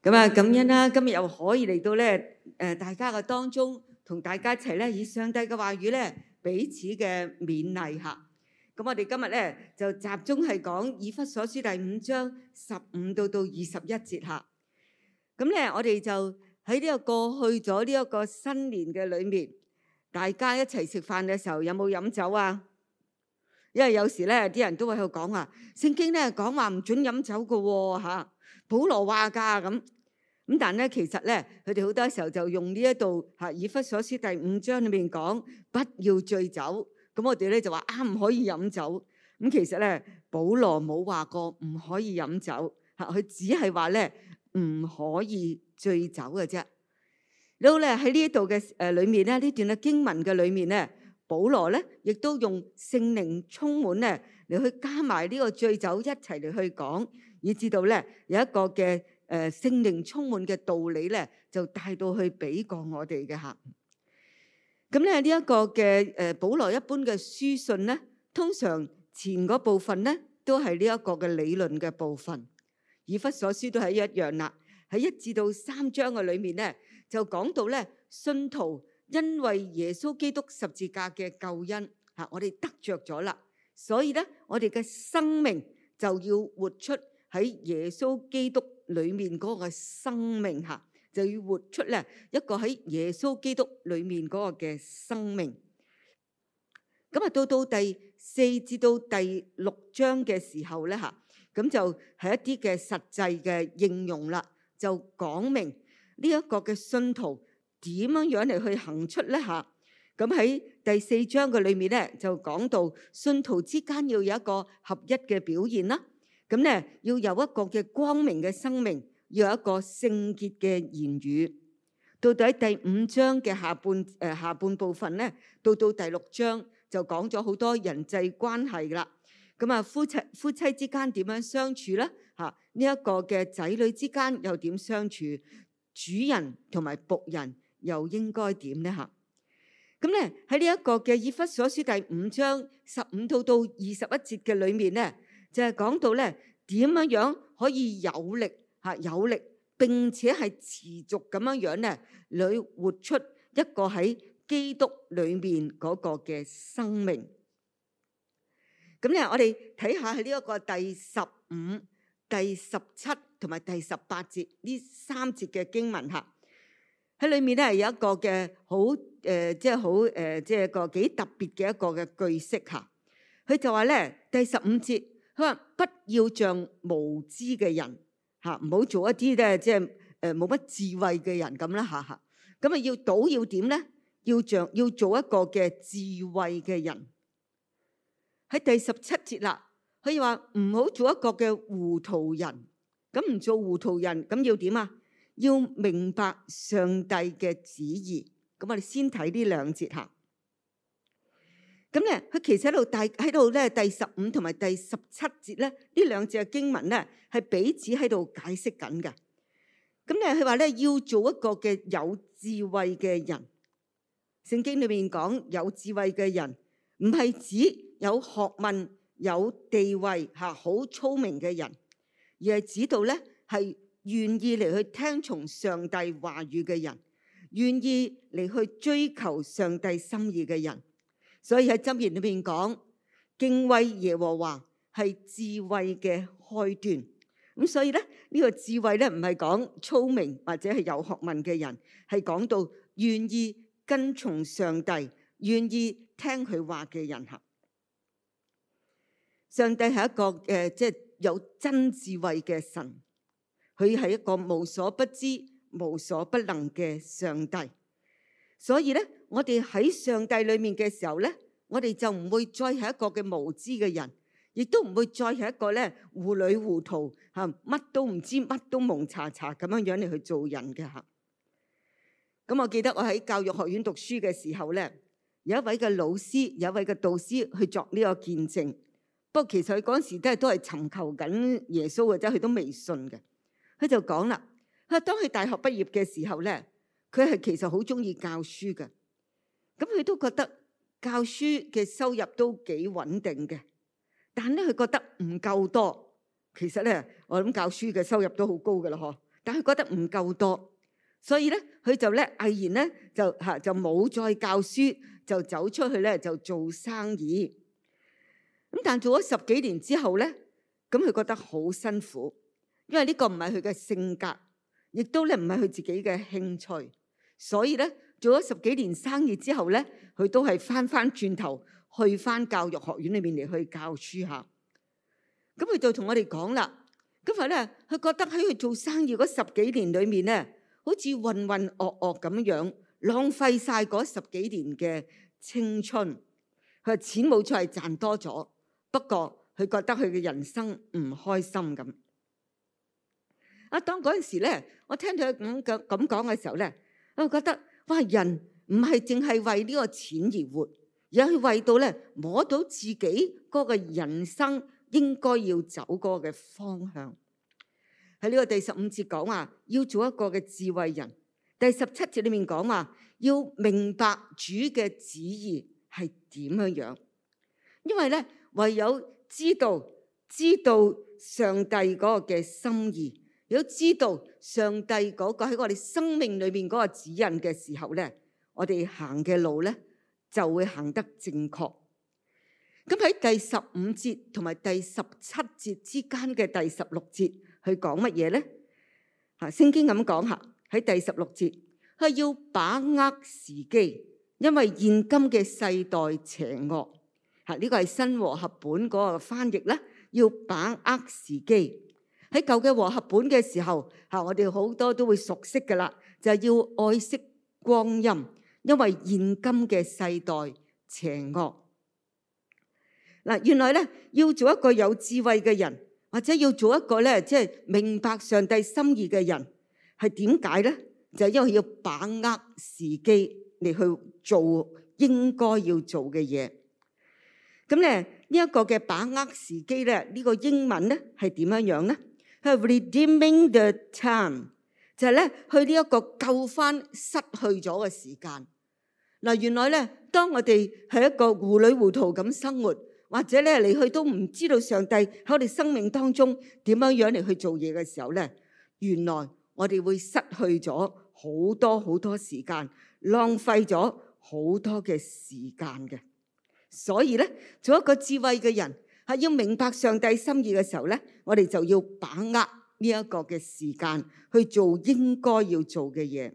咁啊，感恩啦！今日又可以嚟到咧，誒、呃，大家嘅當中，同大家一齊咧，以上帝嘅話語咧，彼此嘅勉勵嚇。咁、嗯、我哋今日咧就集中係講以弗所書第五章十五到到二十一節嚇。咁、嗯、咧、嗯，我哋就喺呢個過去咗呢一個新年嘅裏面，大家一齊食飯嘅時候有冇飲酒啊？因為有時咧，啲人都會喺度講啊，聖經咧講話唔准飲酒嘅喎嚇保羅話噶咁，咁但咧其實咧，佢哋好多時候就用呢一度吓以弗所書第五章裏面講不要醉酒，咁我哋咧就話啱唔可以飲酒，咁其實咧保羅冇話過唔可以飲酒，吓佢只係話咧唔可以醉酒嘅啫。到咧喺呢度嘅誒裏面咧呢段嘅經文嘅裏面咧，保羅咧亦都用聖靈充滿咧。你去加埋呢個醉酒一齊嚟去講，以至到咧有一個嘅誒聖靈充滿嘅道理咧，就帶到去俾過我哋嘅嚇。咁咧呢一個嘅誒保羅一般嘅書信咧，通常前嗰部分咧都係呢一個嘅理論嘅部分，以弗所書都係一樣啦。喺一至到三章嘅裏面咧，就講到咧信徒因為耶穌基督十字架嘅救恩嚇，我哋得著咗啦。所以咧，我哋嘅生命就要活出喺耶穌基督裏面嗰個生命吓，就要活出咧一個喺耶穌基督裏面嗰個嘅生命。咁啊，到到第四至到第六章嘅時候咧吓，咁就係一啲嘅實際嘅應用啦，就講明呢一個嘅信徒點樣樣嚟去行出咧吓。咁喺第四章嘅裏面咧，就講到信徒之間要有一個合一嘅表現啦。咁咧要有一個嘅光明嘅生命，要有一個聖潔嘅言語。到底第五章嘅下半誒、呃、下半部分咧，到到第六章就講咗好多人際關係㗎啦。咁啊，夫妻夫妻之間點樣相處咧？嚇、啊，呢、這、一個嘅仔女之間又點相處？主人同埋僕人又應該點咧？嚇？咁咧喺呢一個嘅以弗所書第五章十五到到二十一節嘅裏面咧，就係講到咧點樣樣可以有力嚇有力並且係持續咁樣樣咧，裏活出一個喺基督裏面嗰個嘅生命。咁咧，我哋睇下呢一個第十五、第十七同埋第十八節呢三節嘅經文嚇。喺裏面咧，有一個嘅好誒，即係好誒，即係個幾特別嘅一個嘅句式吓。佢、啊、就話咧，第十五節，佢話不要像無知嘅人吓，唔、啊、好做一啲咧，即係誒冇乜智慧嘅人咁啦，吓、啊、吓。咁啊，啊要賭要點咧？要像要做一個嘅智慧嘅人。喺第十七節啦，佢話唔好做一個嘅糊塗人。咁唔做糊塗人，咁要點啊？要明白上帝嘅旨意，咁我哋先睇呢兩節吓。咁咧，佢其實喺度第喺度咧第十五同埋第十七節咧呢兩節嘅經文咧係彼此喺度解釋緊嘅。咁咧，佢話咧要做一個嘅有智慧嘅人，聖經裏面講有智慧嘅人唔係指有學問、有地位吓、好聰明嘅人，而係指到咧係。願意嚟去聽從上帝話語嘅人，願意嚟去追求上帝心意嘅人，所以喺箴言裏面講敬畏耶和華係智慧嘅開端。咁所以咧呢、呢個智慧咧唔係講聰明或者係有學問嘅人，係講到願意跟從上帝、願意聽佢話嘅人。上帝係一個誒，即、呃、係、就是、有真智慧嘅神。佢係一個無所不知、無所不能嘅上帝，所以咧，我哋喺上帝裏面嘅時候咧，我哋就唔會再係一個嘅無知嘅人，亦都唔會再係一個咧糊裏糊塗嚇，乜都唔知、乜都蒙查查咁樣樣嚟去做人嘅嚇。咁我記得我喺教育學院讀書嘅時候咧，有一位嘅老師、有一位嘅導師去作呢個見證。不過其實佢嗰陣時都係都係尋求緊耶穌，或者佢都未信嘅。佢就講啦，嚇！當佢大學畢業嘅時候咧，佢係其實好中意教書嘅，咁佢都覺得教書嘅收入都幾穩定嘅，但咧佢覺得唔夠多。其實咧，我諗教書嘅收入都好高嘅啦，嗬！但佢覺得唔夠多，所以咧，佢就咧毅然咧就嚇就冇再教書，就走出去咧就做生意。咁但做咗十幾年之後咧，咁佢覺得好辛苦。因為呢個唔係佢嘅性格，亦都咧唔係佢自己嘅興趣，所以咧做咗十幾年生意之後咧，佢都係翻翻轉頭去翻教育學院裏面嚟去教書下。咁佢就同我哋講啦，咁話咧，佢覺得喺佢做生意嗰十幾年裏面咧，好似渾渾噩噩咁樣，浪費晒嗰十幾年嘅青春。佢話錢冇錯係賺多咗，不過佢覺得佢嘅人生唔開心咁。啊！當嗰陣時咧，我聽到佢咁講咁講嘅時候咧，我覺得哇！人唔係淨係為呢個錢而活，而係為到咧摸到自己嗰個人生應該要走過嘅方向。喺呢個第十五節講話要做一個嘅智慧人，第十七節裡面講話要明白主嘅旨意係點樣樣，因為咧唯有知道知道上帝嗰個嘅心意。如果知道上帝嗰個喺我哋生命裏面嗰個指引嘅時候咧，我哋行嘅路咧就會行得正確。咁喺第十五節同埋第十七節之間嘅第十六節去講乜嘢咧？啊，聖經咁講下，喺第十六節佢要把握時機，因為現今嘅世代邪惡，吓、這、呢個係新和合本嗰個翻譯啦，要把握時機。喺舊嘅和合本嘅時候，嚇我哋好多都會熟悉噶啦，就係要愛惜光陰，因為現今嘅世代邪惡嗱。原來咧，要做一個有智慧嘅人，或者要做一個咧，即係明白上帝心意嘅人，係點解咧？就係因為要把握時機嚟去做應該要做嘅嘢。咁咧，呢一個嘅把握時機咧，呢個英文咧係點樣樣咧？Redeeming the time 就係咧去，去呢一個救翻失去咗嘅時間嗱。原來咧，當我哋喺一個糊裏糊塗咁生活，或者咧嚟去都唔知道上帝喺我哋生命當中點樣樣嚟去做嘢嘅時候咧，原來我哋會失去咗好多好多時間，浪費咗好多嘅時間嘅。所以咧，做一個智慧嘅人。係要明白上帝心意嘅時候咧，我哋就要把握呢一個嘅時間去做應該要做嘅嘢。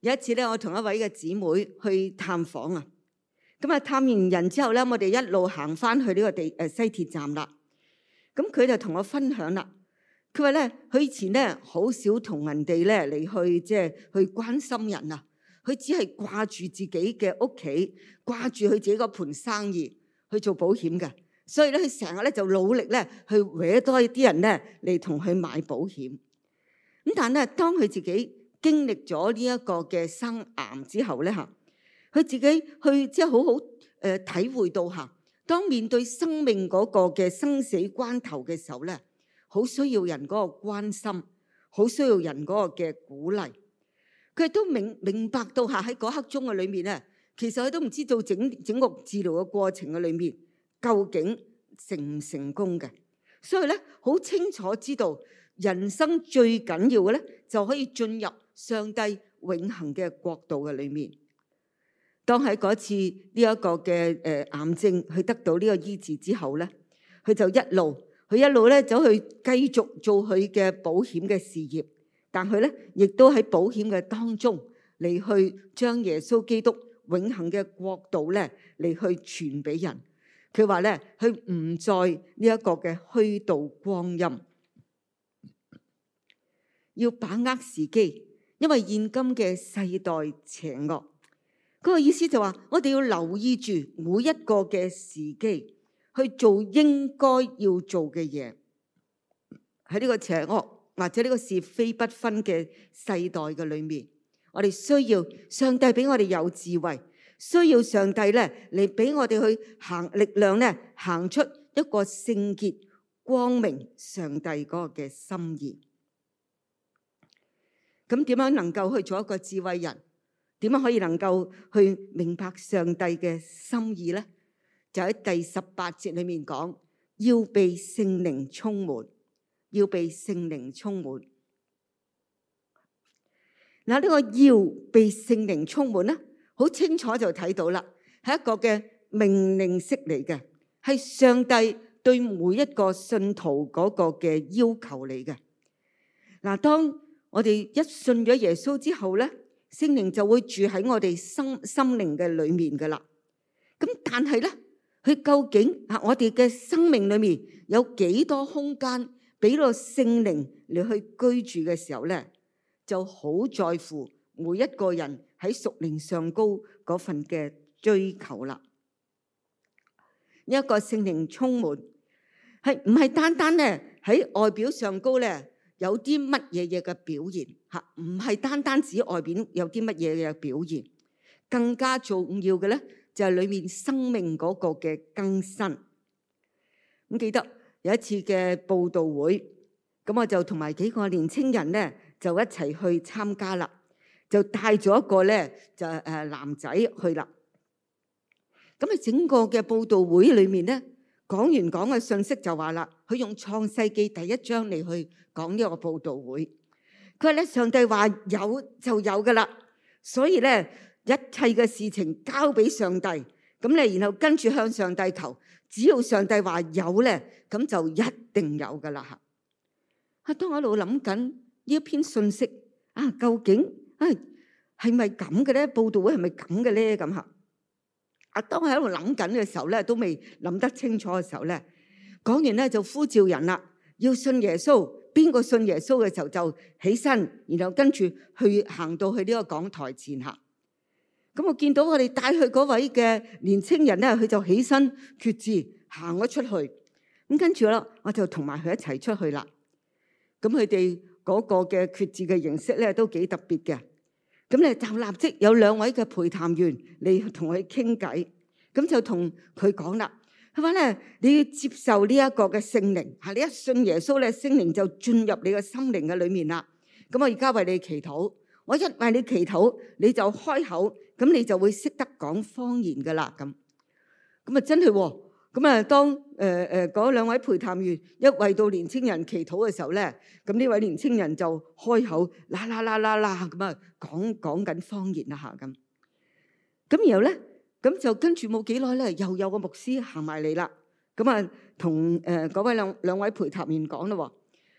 有一次咧，我同一位嘅姊妹去探訪啊，咁啊探完人之後咧，我哋一路行返去呢個地誒、啊、西鐵站啦。咁佢就同我分享啦，佢話咧，佢以前咧好少同人哋咧嚟去即係、就是、去關心人啊，佢只係掛住自己嘅屋企，掛住佢自己嗰盤生意。去做保險嘅，所以咧，佢成日咧就努力咧去搲多啲人咧嚟同佢買保險。咁但係咧，當佢自己經歷咗呢一個嘅生癌之後咧，嚇，佢自己去即係好好誒體會到嚇，當面對生命嗰個嘅生死關頭嘅時候咧，好需要人嗰個關心，好需要人嗰個嘅鼓勵。佢亦都明明白到嚇喺嗰刻鐘嘅裏面咧。其實佢都唔知道整整個治療嘅過程嘅裏面，究竟成唔成功嘅，所以咧，好清楚知道人生最緊要嘅咧，就可以進入上帝永恆嘅國度嘅裏面。當喺嗰次呢一個嘅誒癌症佢得到呢個醫治之後咧，佢就一路佢一路咧走去繼續做佢嘅保險嘅事業，但佢咧亦都喺保險嘅當中嚟去將耶穌基督永恆嘅國度咧，嚟去傳俾人。佢話咧，佢唔再呢一個嘅虛度光陰，要把握時機，因為現今嘅世代邪惡。嗰個意思就話，我哋要留意住每一個嘅時機，去做應該要做嘅嘢，喺呢個邪惡或者呢個是非不分嘅世代嘅裏面。我哋需要上帝俾我哋有智慧，需要上帝咧嚟俾我哋去行力量咧，行出一個聖潔、光明上帝嗰個嘅心意。咁點樣能夠去做一個智慧人？點樣可以能夠去明白上帝嘅心意咧？就喺第十八節裏面講，要被聖靈充滿，要被聖靈充滿。嗱，呢個要被聖靈充滿咧，好清楚就睇到啦，係一個嘅命令式嚟嘅，係上帝對每一個信徒嗰個嘅要求嚟嘅。嗱，當我哋一信咗耶穌之後咧，聖靈就會住喺我哋身心靈嘅裡面噶啦。咁但係咧，佢究竟喺我哋嘅生命裡面有幾多空間俾個聖靈嚟去居住嘅時候咧？就好在乎每一個人喺屬靈上高嗰份嘅追求啦。一個聖靈充滿，係唔係單單咧喺外表上高咧有啲乜嘢嘢嘅表現吓？唔係單單指外邊有啲乜嘢嘅表現，更加重要嘅咧就係裏面生命嗰個嘅更新。咁記得有一次嘅佈道會，咁我就同埋幾個年青人咧。就一齊去參加啦，就帶咗一個咧，就誒、呃、男仔去啦。咁啊，整個嘅佈道會裏面咧，講完講嘅信息就話啦，佢用創世記第一章嚟去講呢個佈道會。佢話咧，上帝話有就有嘅啦，所以咧，一切嘅事情交俾上帝，咁咧，然後跟住向上帝求，只要上帝話有咧，咁就一定有嘅啦。嚇！啊，當我一路諗緊。呢一篇信息啊，究竟啊係咪咁嘅咧？報道會係咪咁嘅咧？咁吓啊，當我喺度諗緊嘅時候咧，都未諗得清楚嘅時候咧，講完咧就呼召人啦，要信耶穌，邊個信耶穌嘅時候就起身，然後跟住去行到去呢個講台前吓。咁我見到我哋帶去嗰位嘅年青人咧，佢就起身決志行咗出去，咁跟住啦，我就同埋佢一齊出去啦。咁佢哋。嗰個嘅決志嘅形式咧都幾特別嘅。咁咧就立即有兩位嘅陪談員嚟同佢傾偈，咁就同佢講啦，佢話咧你要接受呢一個嘅聖靈，嚇你一信耶穌咧，聖靈就進入你嘅心靈嘅裏面啦。咁我而家為你祈禱，我一為你祈禱，你就開口，咁你就會識得講方言㗎啦。咁咁啊，真係喎！咁啊！當誒誒嗰兩位陪談員一為到年青人祈禱嘅時候咧，咁呢位年青人就開口啦啦啦啦啦咁啊，講講緊方言啊嚇咁。咁然後咧，咁就跟住冇幾耐咧，又有個牧師行埋嚟啦。咁啊，同誒嗰位兩兩位陪談員講咯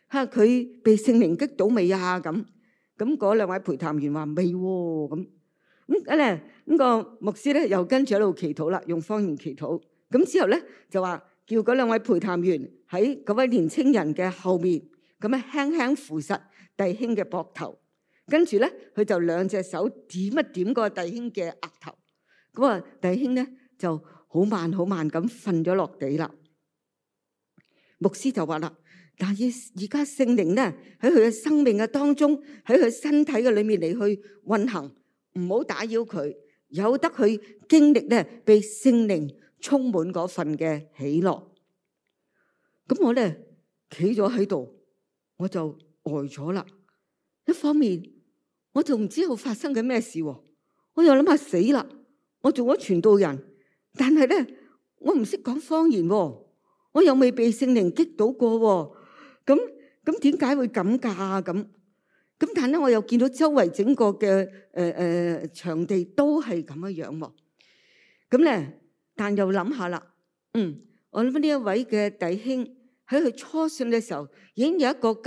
喎，嚇佢被聖靈擊倒未啊？咁咁嗰兩位陪談員話未喎。咁咁咧，咁個牧師咧又跟住喺度祈禱啦，用方言祈禱。咁之後咧就話叫嗰兩位陪談員喺嗰位年輕人嘅後面咁樣輕輕扶實弟兄嘅膊頭，跟住咧佢就兩隻手點一點個弟兄嘅額頭，咁啊弟兄咧就好慢好慢咁瞓咗落地啦。牧師就話啦：但係，而家聖靈咧喺佢嘅生命嘅當中，喺佢身體嘅裏面嚟去運行，唔好打擾佢，由得佢經歷咧被聖靈充滿嗰份嘅喜樂，咁我咧企咗喺度，我就呆咗啦。一方面，我就唔知道發生緊咩事，我又諗下死啦。我做咗傳道人，但係咧，我唔識講方言，我又未被聖靈擊倒過，咁咁點解會咁噶？咁咁但係咧，我又見到周圍整個嘅誒誒場地都係咁嘅樣，咁咧。但又諗下啦，嗯，我諗翻呢一位嘅弟兄喺佢初信嘅時候已經有一個咁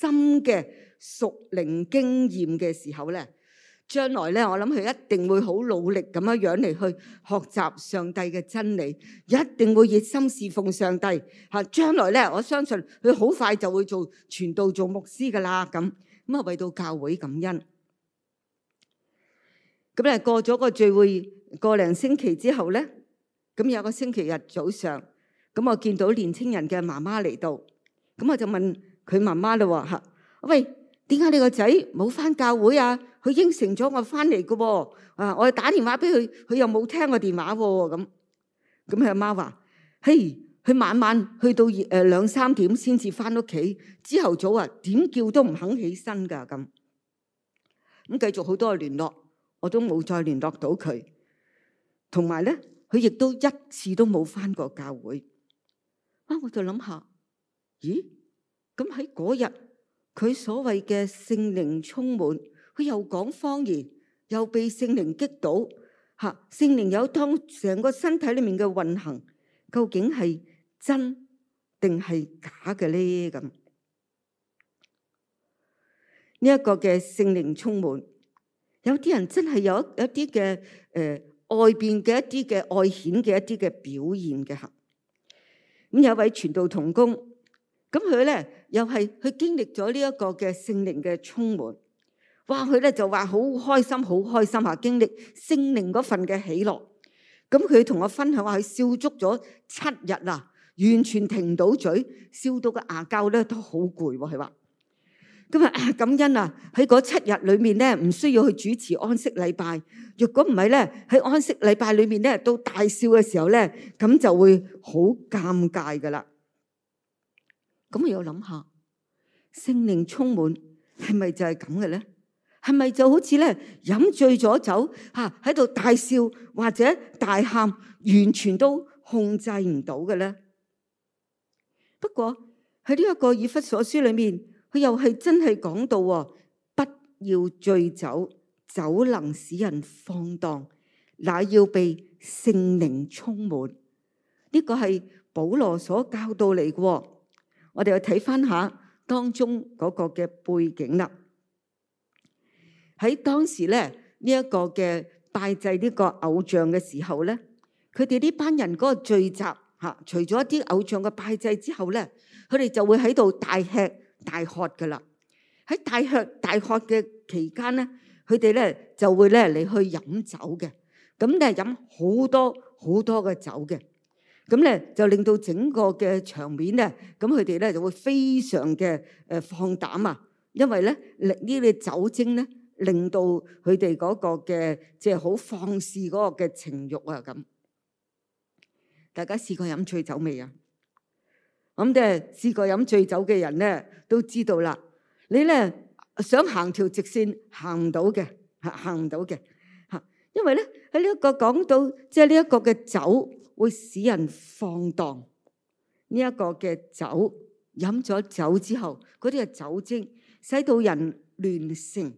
深嘅屬靈經驗嘅時候咧，將來咧，我諗佢一定會好努力咁樣樣嚟去學習上帝嘅真理，一定會熱心侍奉上帝吓。將來咧，我相信佢好快就會做傳道做牧師㗎喇，咁咁啊為到教會感恩。咁咧，過咗個聚會個零星期之後咧。咁有個星期日早上，咁我見到年青人嘅媽媽嚟到，咁我就問佢媽媽嘞？吓、啊，喂，點解你個仔冇翻教會啊？佢應承咗我翻嚟噶，啊，我打電話俾佢，佢又冇聽我電話、啊，咁、啊，咁佢阿媽話，嘿，佢晚晚去到誒兩三點先至翻屋企，之後早啊點叫都唔肯起身噶，咁，咁繼續好多聯絡，我都冇再聯絡到佢，同埋咧。佢亦都一次都冇翻過教會。啊！我就諗下，咦？咁喺嗰日，佢所謂嘅聖靈充滿，佢又講方言，又被聖靈擊倒。吓，聖靈有當成個身體裏面嘅運行，究竟係真定係假嘅咧？咁呢一個嘅聖靈充滿，有啲人真係有一一啲嘅誒。外邊嘅一啲嘅外顯嘅一啲嘅表現嘅行，咁有一位傳道同工，咁佢咧又係佢經歷咗呢一個嘅聖靈嘅充滿，哇！佢咧就話好開心，好開心吓、啊，經歷聖靈嗰份嘅喜樂，咁佢同我分享話佢、啊、笑足咗七日啦、啊，完全停唔到嘴，笑到個牙骹咧都好攰喎，佢話。咁啊！感恩啊！喺嗰七日裏面咧，唔需要去主持安息禮拜。若果唔係咧，喺安息禮拜裏面咧，到大笑嘅時候咧，咁就會好尷尬噶啦。咁我要諗下，聖靈充滿係咪就係咁嘅咧？係咪就好似咧飲醉咗酒吓，喺度大笑或者大喊，完全都控制唔到嘅咧？不過喺呢一個以弗所書裏面。佢又係真係講到喎，不要醉酒，酒能使人放蕩，乃要被聖靈充滿。呢、這個係保羅所教導嚟嘅。我哋又睇翻下當中嗰個嘅背景啦。喺當時咧，呢、這、一個嘅拜祭呢個偶像嘅時候咧，佢哋呢班人嗰個聚集嚇，除咗啲偶像嘅拜祭之後咧，佢哋就會喺度大吃。大學嘅啦，喺大學大學嘅期間咧，佢哋咧就會咧你去飲酒嘅，咁咧飲好多好多嘅酒嘅，咁咧就令到整個嘅場面咧，咁佢哋咧就會非常嘅誒放膽啊，因為咧呢呢啲酒精咧令到佢哋嗰個嘅即係好放肆嗰個嘅情慾啊咁。大家試過飲醉酒未啊？咁嘅試過飲醉酒嘅人咧，都知道啦。你咧想行條直線，行唔到嘅，行行唔到嘅。嚇，因為咧喺呢一個講到，即係呢一個嘅酒會使人放蕩。呢一個嘅酒飲咗酒之後，嗰啲係酒精，使到人亂性。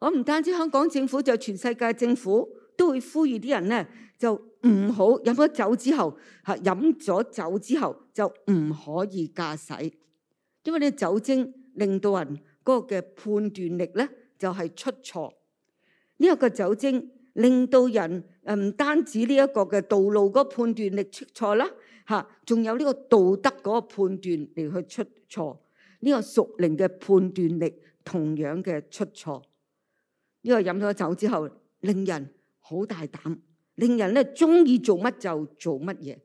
我唔單止香港政府，就全世界政府都會呼籲啲人咧就。唔好飲咗酒之後，嚇飲咗酒之後就唔可以駕駛，因為呢酒精令到人嗰個嘅判斷力咧就係出錯。呢一個酒精令到人誒唔、這個、單止呢一個嘅道路嗰個判斷力出錯啦，嚇仲有呢個道德嗰個判斷嚟去出錯，呢、這個屬靈嘅判斷力同樣嘅出錯。呢個飲咗酒之後，令人好大膽。令人咧中意做乜就做乜嘢，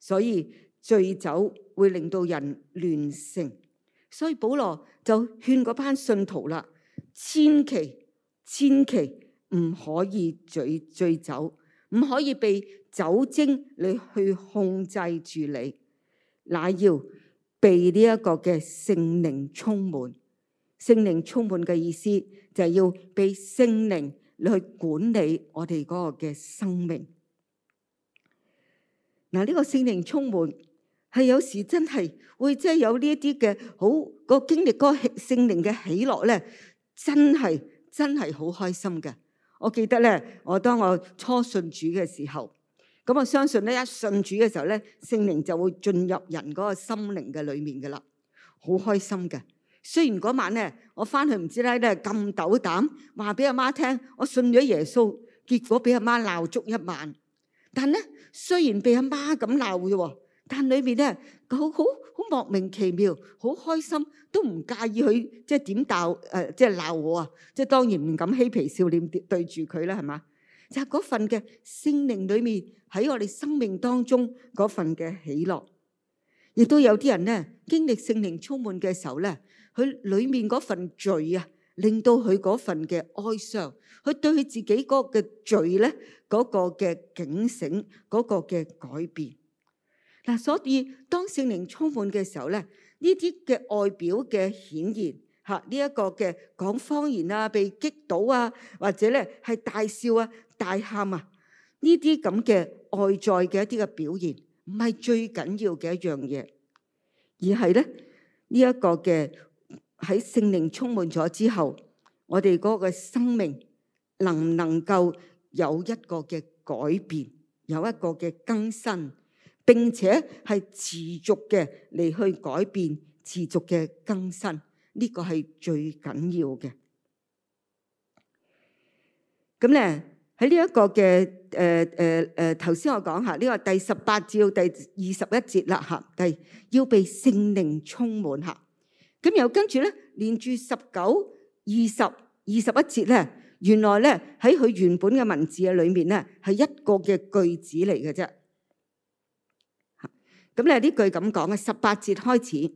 所以醉酒會令到人亂性，所以保羅就勸嗰班信徒啦，千祈千祈唔可以醉醉酒，唔可以被酒精你去控制住你，乃要被呢一個嘅聖靈充滿，聖靈充滿嘅意思就係要被聖靈。你去管理我哋嗰個嘅生命，嗱、這、呢個聖靈充滿，係有時真係會即係有呢一啲嘅好個經歷，嗰個聖靈嘅喜樂咧，真係真係好開心嘅。我記得咧，我當我初信主嘅時候，咁我相信咧，一信主嘅時候咧，聖靈就會進入人嗰個心靈嘅裏面噶啦，好開心嘅。雖然嗰晚咧，我翻去唔知拉咧咁斗膽，話俾阿媽聽，我信咗耶穌，結果俾阿媽鬧足一晚。但咧，雖然俾阿媽咁鬧嘅喎，但裏面咧，佢好好好莫名其妙，好開心，都唔介意佢即係點鬧誒，即係鬧我啊！即係當然唔敢嬉皮笑臉對住佢啦，係嘛？就係嗰份嘅聖靈裏面喺我哋生命當中嗰份嘅喜樂，亦都有啲人咧經歷聖靈充滿嘅時候咧。佢裏面嗰份罪啊，令到佢嗰份嘅哀傷，佢對佢自己嗰個嘅罪咧，嗰個嘅警醒，嗰個嘅改變。嗱，所以當聖靈充滿嘅時候咧，呢啲嘅外表嘅顯現，吓呢一個嘅講方言啊，被擊倒啊，或者咧係大笑啊、大喊啊，呢啲咁嘅外在嘅一啲嘅表現，唔係最緊要嘅一樣嘢，而係咧呢一個嘅。喺聖靈充滿咗之後，我哋嗰個生命能唔能夠有一個嘅改變，有一個嘅更新，並且係持續嘅嚟去改變，持續嘅更新，呢個係最緊要嘅。咁咧喺呢一個嘅誒誒誒，頭先我講下呢個第十八至到第二十一節啦吓，第二要被聖靈充滿吓。咁又跟住咧，連住十九、二十、二十一節咧，原來咧喺佢原本嘅文字嘅裏面咧，係一個嘅句子嚟嘅啫。咁咧呢句咁講嘅十八節開始，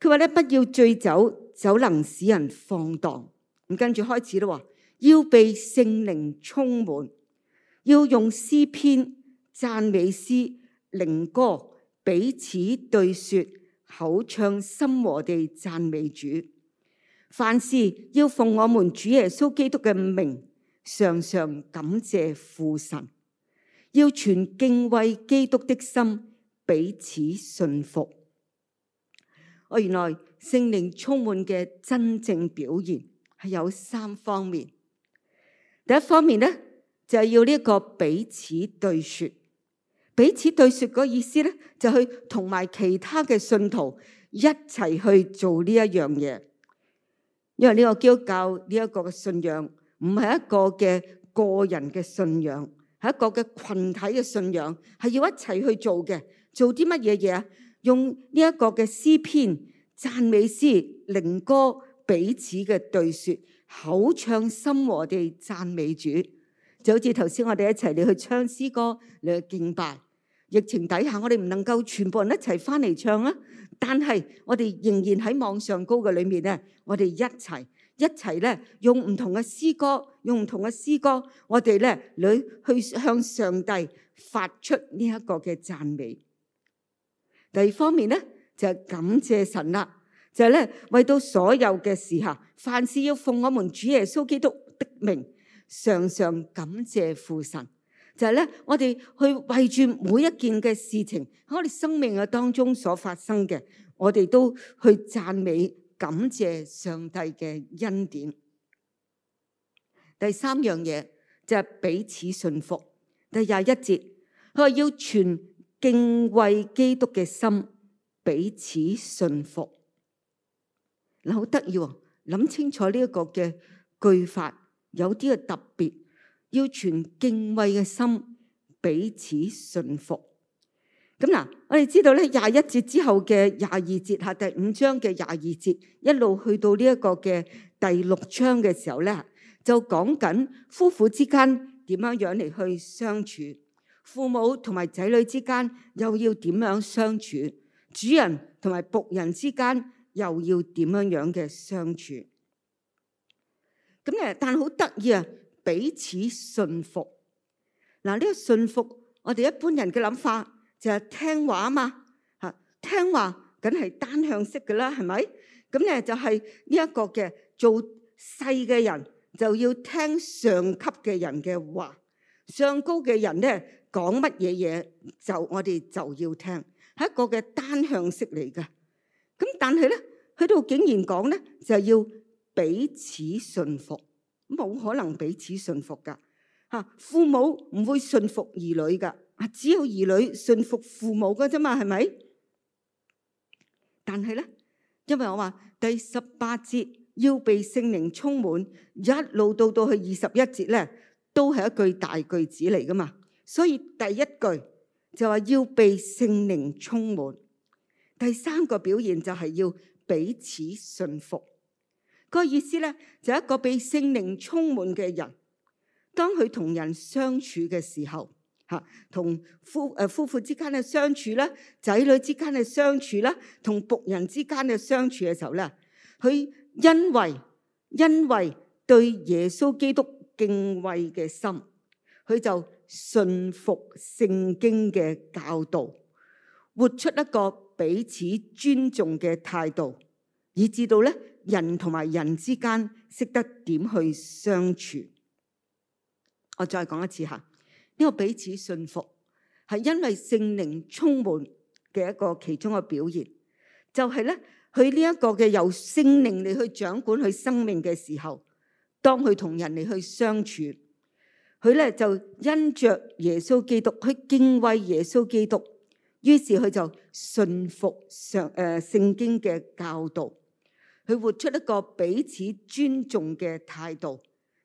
佢話咧不要醉酒，酒能使人放蕩。咁跟住開始咯話要被聖靈充滿，要用詩篇讚詩、讚美詩、靈歌彼此對説。口唱心和地讚美主，凡事要奉我們主耶穌基督嘅名，常常感謝父神，要全敬畏基督的心，彼此信服。我原來聖靈充滿嘅真正表現係有三方面，第一方面咧就係、是、要呢個彼此對説。彼此對說個意思咧，就去同埋其他嘅信徒一齊去做呢一樣嘢。因為呢個基督教呢一個嘅信仰唔係一個嘅個人嘅信仰，係一個嘅群體嘅信仰，係要一齊去做嘅。做啲乜嘢嘢啊？用呢一個嘅詩篇讚美詩、靈歌彼此嘅對說，口唱心和地讚美主，就好似頭先我哋一齊你去唱詩歌你去敬拜。疫情底下，我哋唔能夠全部人一齊翻嚟唱啊！但係我哋仍然喺網上高嘅裏面咧，我哋一齊一齊咧用唔同嘅詩歌，用唔同嘅詩歌，我哋咧去去向上帝發出呢一個嘅讚美。第二方面咧就係感謝神啦，就係咧為到所有嘅事哈，凡事要奉我們主耶穌基督的名，常常感謝父神。就係咧，我哋去為住每一件嘅事情，喺我哋生命嘅當中所發生嘅，我哋都去讚美感謝上帝嘅恩典。第三樣嘢就係、是、彼此信服。第二十一節，佢話要存敬畏基督嘅心，彼此信服。嗱，好得意，諗清楚呢一個嘅句法有啲嘅特別。要存敬畏嘅心，彼此順服。咁嗱，我哋知道咧廿一節之後嘅廿二節，下第五章嘅廿二節，一路去到呢一個嘅第六章嘅時候咧，就講緊夫婦之間點樣樣嚟去相處，父母同埋仔女之間又要點樣相處，主人同埋僕人之間又要點樣樣嘅相處。咁誒，但係好得意啊！彼此信服嗱，呢個信服，我哋一般人嘅諗法就係聽話啊嘛吓，聽話梗係單向式噶啦，係咪？咁咧就係呢一個嘅做細嘅人就要聽上級嘅人嘅話，上高嘅人咧講乜嘢嘢就我哋就要聽，係一個嘅單向式嚟噶。咁但係咧，去到竟然講咧，就要彼此信服。冇可能彼此順服噶，吓父母唔會順服兒女噶，只有兒女順服父母噶啫嘛，係咪？但係咧，因為我話第十八節要被聖靈充滿，一路到到去二十一節咧，都係一句大句子嚟噶嘛。所以第一句就話要被聖靈充滿，第三個表現就係要彼此順服。個意思咧，就係、一個被聖靈充滿嘅人，當佢同人相處嘅時候，嚇同夫誒夫婦之間嘅相處咧，仔女之間嘅相處咧，同僕人之間嘅相處嘅時候咧，佢因為因為對耶穌基督敬畏嘅心，佢就信服聖經嘅教導，活出一個彼此尊重嘅態度。以至到咧，人同埋人之間識得點去相處。我再講一次嚇，呢個彼此信服係因為聖靈充滿嘅一個其中嘅表現，就係咧佢呢一個嘅由聖靈嚟去掌管佢生命嘅時候，當佢同人嚟去相處，佢咧就因著耶穌基督，去敬畏耶穌基督，於是佢就信服上誒聖經嘅教導。佢活出一個彼此尊重嘅態度，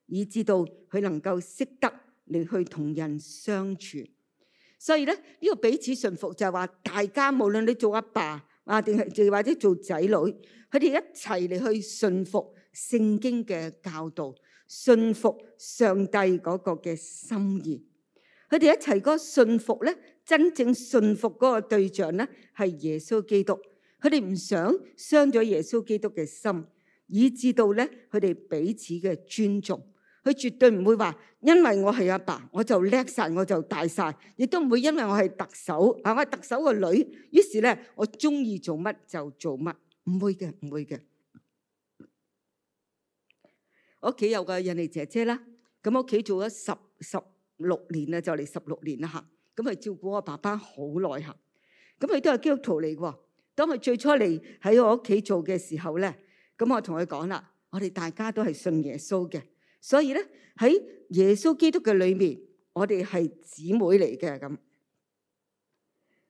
以至到佢能夠識得嚟去同人相處。所以咧，呢個彼此順服就係話，大家無論你做阿爸啊，定係定或者做仔女，佢哋一齊嚟去順服聖經嘅教導，順服上帝嗰個嘅心意。佢哋一齊嗰個順服咧，真正順服嗰個對象咧，係耶穌基督。佢哋唔想傷咗耶穌基督嘅心，以至到咧佢哋彼此嘅尊重。佢絕對唔會話，因為我係阿爸，我就叻晒，我就大晒，亦都唔會因為我係特首啊，我係特首個女，於是咧我中意做乜就做乜，唔會嘅，唔會嘅。我屋企有個印尼姐姐啦，咁屋企做咗十十六年啦，就嚟十六年啦嚇，咁係照顧我爸爸好耐嚇，咁佢都係基督徒嚟㗎。當佢最初嚟喺我屋企做嘅時候咧，咁我同佢講啦，我哋大家都係信耶穌嘅，所以咧喺耶穌基督嘅裏面，我哋係姊妹嚟嘅咁。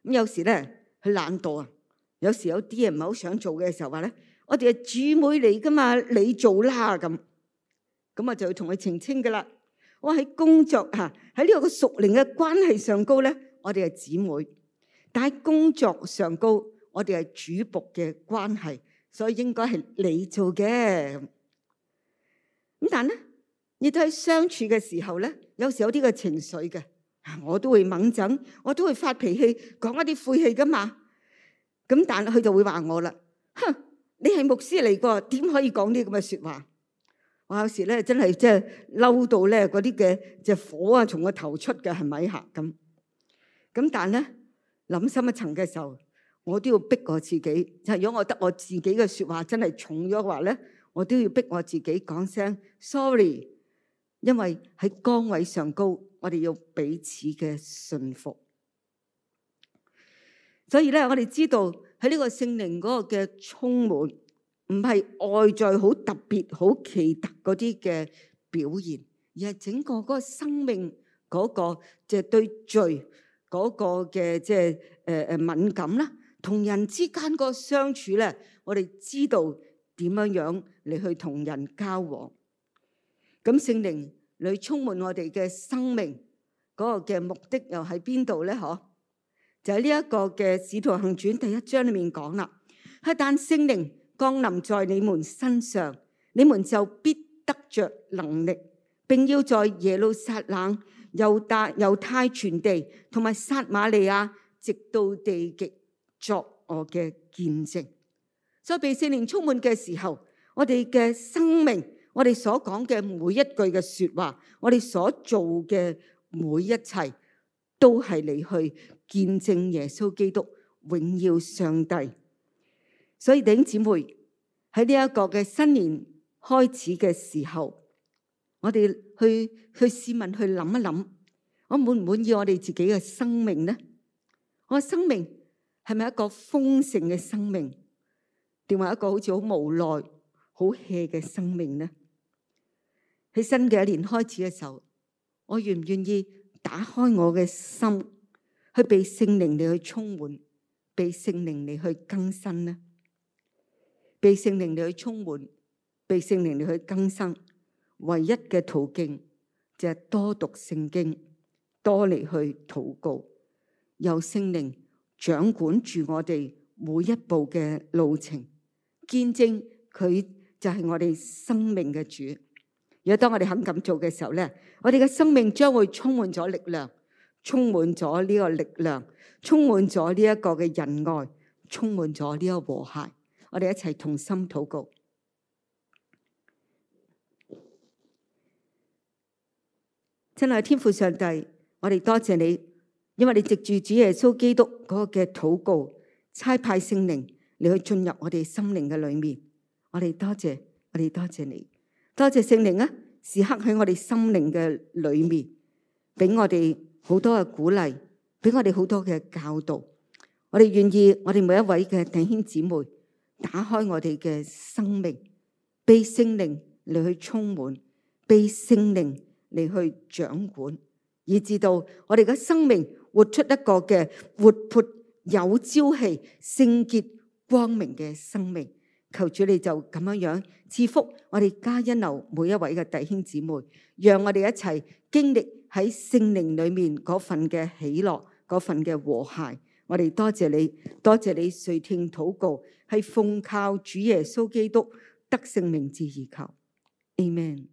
咁有時咧佢懶惰啊，有時有啲嘢唔係好想做嘅時候話咧，我哋係姊妹嚟噶嘛，你做啦咁。咁我就要同佢澄清噶啦，我喺工作吓喺呢個個屬靈嘅關係上高咧，我哋係姊妹，但係工作上高。我哋係主僕嘅關係，所以應該係你做嘅。咁但係咧，亦都喺相處嘅時候咧，有時有啲嘅情緒嘅，我都會䒐䒏，我都會發脾氣，講一啲晦氣噶嘛。咁但係佢就會話我啦，哼，你係牧師嚟過，點可以講啲咁嘅説話？我有時咧真係即係嬲到咧嗰啲嘅即係火啊，從我頭出嘅係咪？嚇咁。咁但係咧，諗深一層嘅時候，我都要逼我自己，就係如果我覺得我自己嘅說話真係重咗嘅話咧，我都要逼我自己講聲 sorry，因為喺崗位上高，我哋要彼此嘅信服。所以咧，我哋知道喺呢個聖靈嗰個嘅充滿，唔係外在好特別、好奇特嗰啲嘅表現，而係整個嗰個生命嗰個即係對罪嗰個嘅即係誒誒敏感啦。同人之間個相處咧，我哋知道點樣樣嚟去同人交往。咁聖靈裏充滿我哋嘅生命嗰個嘅目的又喺邊度咧？嗬，就喺呢一個嘅《使徒行傳》第一章裡面講啦。一旦聖靈降臨在你們身上，你們就必得著能力，並要在耶路撒冷、猶大、猶太全地，同埋撒瑪利亞，直到地極。作我嘅見證，在被聖靈充滿嘅時候，我哋嘅生命，我哋所講嘅每一句嘅說話，我哋所做嘅每一切，都係你去見證耶穌基督榮耀上帝。所以弟兄姊妹喺呢一個嘅新年開始嘅時候，我哋去去試問，去諗一諗，我滿唔滿意我哋自己嘅生命呢？我生命。係咪一個豐盛嘅生命，定係一個好似好無奈、好 hea 嘅生命呢？喺新嘅一年開始嘅時候，我願唔願意打開我嘅心，去被聖靈嚟去充滿，被聖靈嚟去更新呢？被聖靈嚟去充滿，被聖靈嚟去更新，唯一嘅途徑就係多讀聖經，多嚟去禱告，有聖靈。掌管住我哋每一步嘅路程，見證佢就係我哋生命嘅主。如果當我哋肯咁做嘅時候咧，我哋嘅生命將會充滿咗力量，充滿咗呢個力量，充滿咗呢一個嘅仁愛，充滿咗呢個和諧。我哋一齊同心禱告，親愛天父上帝，我哋多謝你。因為你藉住主耶穌基督嗰個嘅禱告差派聖靈你去進入我哋心靈嘅裏面，我哋多謝，我哋多謝你，多謝聖靈啊！時刻喺我哋心靈嘅裏面，俾我哋好多嘅鼓勵，俾我哋好多嘅教導。我哋願意，我哋每一位嘅弟兄姊妹，打開我哋嘅生命，俾聖靈你去充滿，俾聖靈你去掌管，以至到我哋嘅生命。活出一個嘅活潑有朝氣、聖潔光明嘅生命，求主你就咁樣樣賜福我哋加恩樓每一位嘅弟兄姊妹，讓我哋一齊經歷喺聖靈裏面嗰份嘅喜樂、嗰份嘅和諧。我哋多謝你，多謝你垂聽禱告，係奉靠主耶穌基督得勝名字而求，阿門。